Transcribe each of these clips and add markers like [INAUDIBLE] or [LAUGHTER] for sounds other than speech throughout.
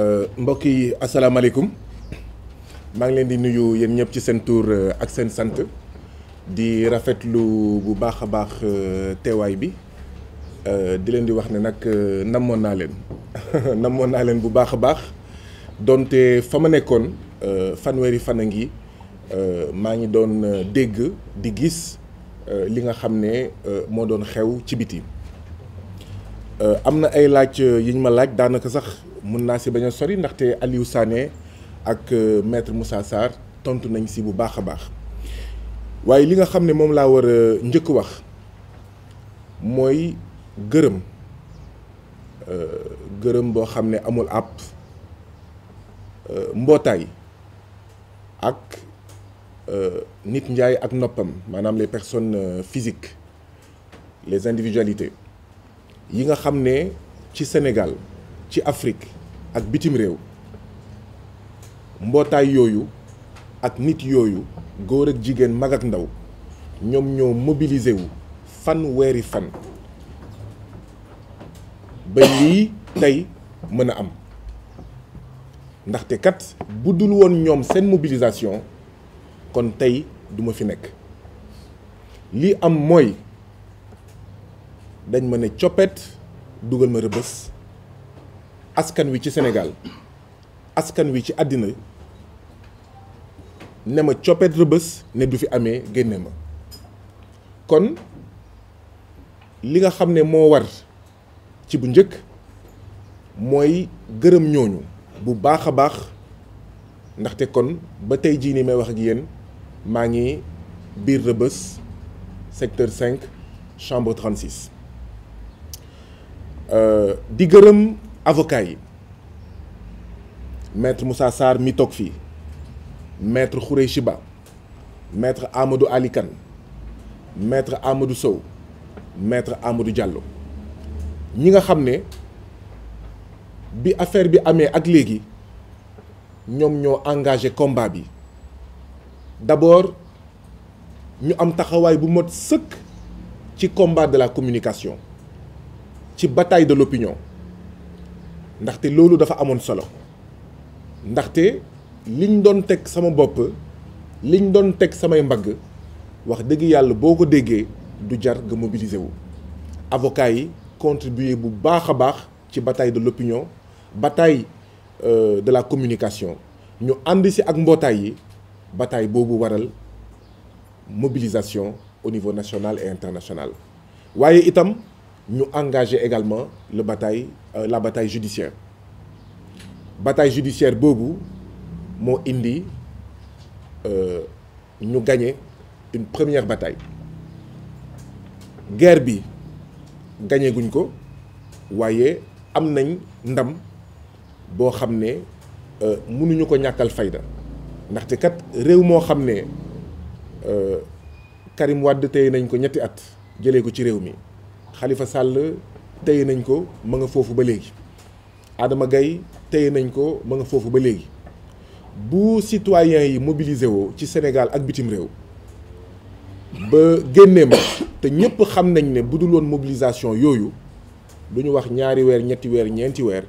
Euh, mbokk yi asalaamaaleykum maa ngi leen di nuyu yéen ñëpp ci seen tur euh, ak seen sant di rafetlu bu baax a baax euh, teewaay bi di leen di wax ne nag namoon naa leen [LAUGHS] namoon naa leen bu baax a baax donte fa ma nekkoon fanweeri fan a ngi maa ngi doon dégg di gis li nga xam ne moo doon xew ci biti am na ay laaj yi ñu ma laaj daanaka sax. mun naa si bañ a sori ndaxte Aliou Sané ak euh, maître Moussa Sarr tontu nañ si bu baax a baax waaye li nga xam ne moom laa war a njëkk wax mooy gërëm euh, gërëm boo xam ne amul àpp euh, mbootaay ak nit njaay ak noppam maanaam les personnes physiques les individualités yi nga xam ne ci Sénégal ci Afrique ak bitim réew mbootaay yooyu ak nit yooyu góor ak jigéen mag ak ndaw ñoom ñoo mobiliser wu fanweeri fan ba lii tey mën a am ndaxte kat budul woon ñoom seen mobilisation kon tey duma fi nekk lii am mooy dañ ma ne coppet dugal ma rëbës askan wi ci senegal askan wi ci àddina ne ma coppet rëbës ne du fi amee génne ma kon li nga xam ne moo war ci bu njëkk mooy gërëm ñooñu bu baax a baax ndaxte kon ba tey jii nii may wax ak yéen maa ngi biir rëbës secteur 5 chambre 36 euh, di gërëm avocat yi maître Moussa Sarr mi toog fii maître Khoureychi Ba maître Amadou Ali Kane maître Amadou Sow maître Amadou ñi nga xam ne bi affaire bi amee ak léegi ñoom ñoo engagé combat bi d'abord ñu am taxawaay bu mot sëkk ci combat de la communication ci bataille de l'opinion ndaxte loolu dafa amoon solo ndaxte liñ doon teg sama bopp liñ doon teg samay mbagg wax dëgg yàlla boo ko déggee du jar nga mobiliser wu. avocats yi contribuer bu baax a baax ci bataille de l'opinion bataille euh, de la communication ñu ànd si ak mbootaay yi bataille boobu waral mobilisation au niveau national et international waaye itam. ñu engagé également le bataille euh, la bataille judiciaire bataille judiciaire boobu moo indi euh, ñu gañe une première bataille la bi gagné guñ ko waaye am nañ ndam boo xam ne euh, mënuñu ko ñàkkal fayda ndaxte kat réew moo xam ne Karim Wade tey nañ ko ñetti at jëlee ko ci réew mi. xalifa sàll tey nañ ko ma nga foofu ba léegi Adama gay tey nañ ko ma nga foofu ba léegi bu citoyens yi mobilisé woo ci Sénégal ak bitim réew ba génnee ma te ñëpp xam nañ ne bu dul woon mobilisation yooyu du ñu wax ñaari weer ñetti weer ñeenti weer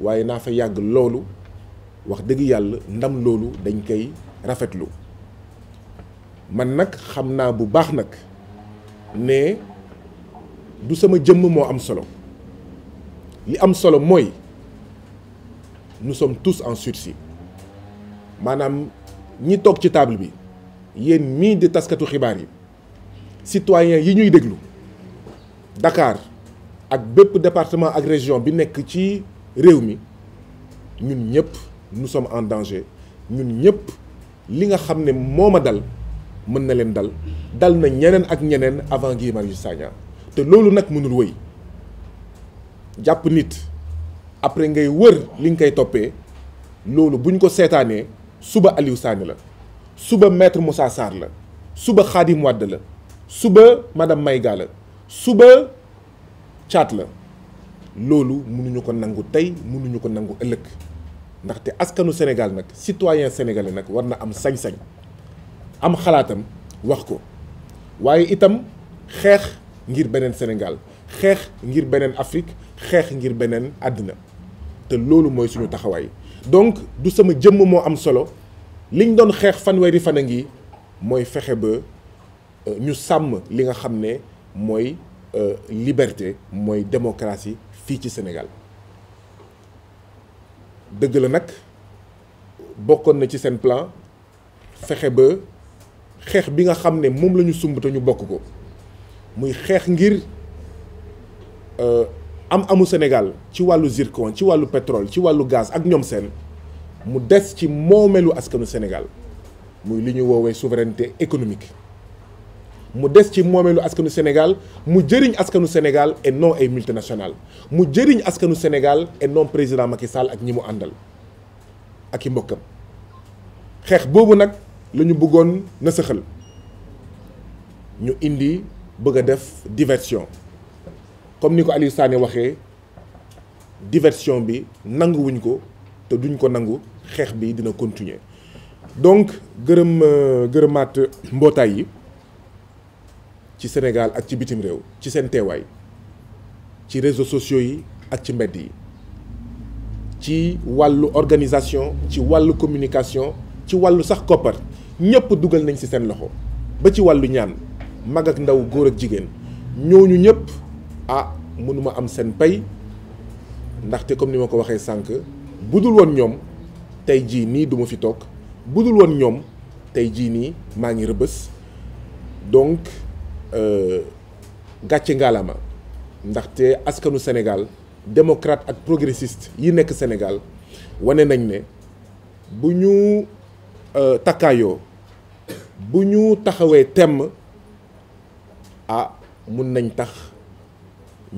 waaye naa fa yàgg loolu wax dëgg yàlla ndam loolu dañ koy rafetlu man nag xam naa bu baax nag ne du sama jëmm moo am solo li am solo mooy nous sommes tous en sursis maanaam ñi toog ci taable bi yéen mii di taskatu xibaar yi citoyens yi ñuy déglu dakaar ak bépp département ak région bi nekk ci réew mi ñun ñëpp nous sommes en danger ñun ñëpp li nga xam ne moo ma dal mën na leen dal dal na ñeneen ak ñeneen avant Guy Marius Sagna te loolu nag mënul wëy jàpp nit après ngay wër li nga koy toppee loolu buñ ko seetaanee suba Aliou Sané la suba maître Moussa Sarr la suba Khadim Wade la suba madame Maïga la suba Thiat la loolu mënuñu ko nangu tey mënuñu ko nangu ëllëg ndaxte askanu Sénégal nag citoyen sénégalais nag war na am sañ-sañ am xalaatam wax ko waaye itam xeex. ngir beneen Sénégal xeex ngir beneen Afrique xeex ngir beneen àddina te loolu mooy suñu taxawaay donc du sama jëmm moo am solo liñ doon xeex fanweeri fan a ngi mooy fexe ba euh, ñu sàmm li nga xam ne mooy euh, liberté mooy démocratie fii ci Sénégal dëgg la nag bokkoon na ci seen plan fexe ba xeex bi nga xam ne moom la ñu sumb ñu bokk ko muy xeex ngir euh, am amu Sénégal ci wàllu zircon ci wàllu pétrole ci wàllu gaz ak ñoom seen mu des ci moomelu askanu Sénégal muy li ñu woowee souveraineté économique mu des ci moomeelu askanu Sénégal mu jëriñ askanu Sénégal et non ay multinationales mu jëriñ askanu Sénégal et non président Macky Sall ak ñi mu àndal ak i mbokkam xeex boobu nag la ñu bëggoon na ñu indi. bëgg a def diversion comme ni ko Aliou Sané waxee diversion bi nanguwuñ ko te duñ ko nangu xeex bi dina continuer donc gërëm euh, gërëmaat mbootaay yi ci Sénégal ak ci bitim réew ci seen teewaay ci réseau sociaux yi ak ci mbedd yi ci wàllu organisation ci wàllu communication ci wàllu sax koppar ñëpp dugal nañ ci seen loxo ba ci wàllu ñaan mag ak ndaw góor ak jigéen ñooñu ñëpp ah mënuma am seen pay ndaxte comme ni ma ko waxee sànq budul woon ñoom tey jii nii duma fi toog bu woon ñoom tey jii nii maa ngi rëbës donc euh, gàcce ngaalaama ndaxte askanu Sénégal démocrate ak progressiste yi nekk senegal wane nañ ne bu ñu euh, takkaayoo bu ñu taxawee temm ah mun nañ tax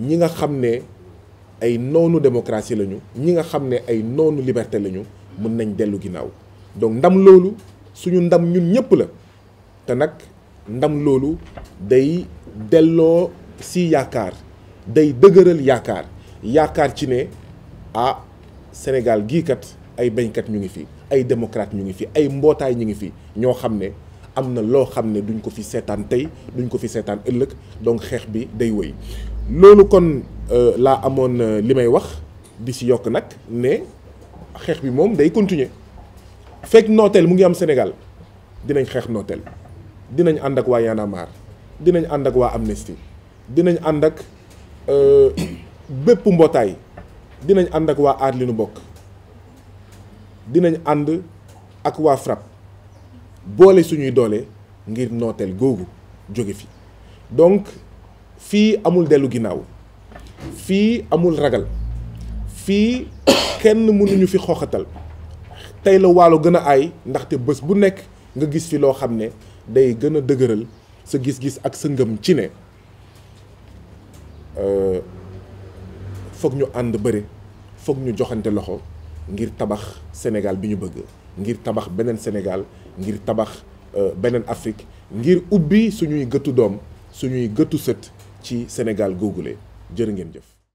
ñi nga xam ne ay noonu démocratie lañu ñi nga xam ne ay noonu liberté lañu mun nañ dellu ginnaaw donc ndam loolu suñu ndam ñun ñëpp la te nag ndam loolu day delloo si yaakaar day dëgëral yaakaar yaakaar ci ne ah Sénégal gii kat ay bañkat ñu ngi fi ay démocrate ñu ngi fi ay mbootaay ñu ngi fi ñoo xam ne. am na loo xam ne duñ ko fi seetaan tey duñ ko fi seetaan ëllëg donc xeex bi day woy loolu kon euh, laa amoon euh, li may wax di si yokk nag ne xeex bi moom day continuer fekk nooteel mu ngi am Sénégal dinañ xeex nooteel dinañ ànd ak waa Y'en dinañ ànd ak waa Amnesty dinañ ànd ak euh, [COUGHS] bépp mbootaay dinañ ànd ak waa aar li nu bokk dinañ ànd ak waa FRAPP boole suñuy doole ngir nooteel googu jóge fi donc fii amul dellu ginnaaw fii amul ragal fii kenn mënuñu fi xooxatal tey la waalo gën a ay ndaxte bés bu nekk nga gis fi loo xam ne day gën a dëgëral sa gis-gis ak sa ngëm ci ne euh, foog ñu ànd bëre foog ñu joxante loxo ngir tabax Sénégal bi ñu bëgg ngir tabax beneen Sénégal ngir tabax euh, beneen Afrique ngir ubbi suñuy gëtu doom suñuy gëtu sët ci Sénégal googule jër ngeen jëf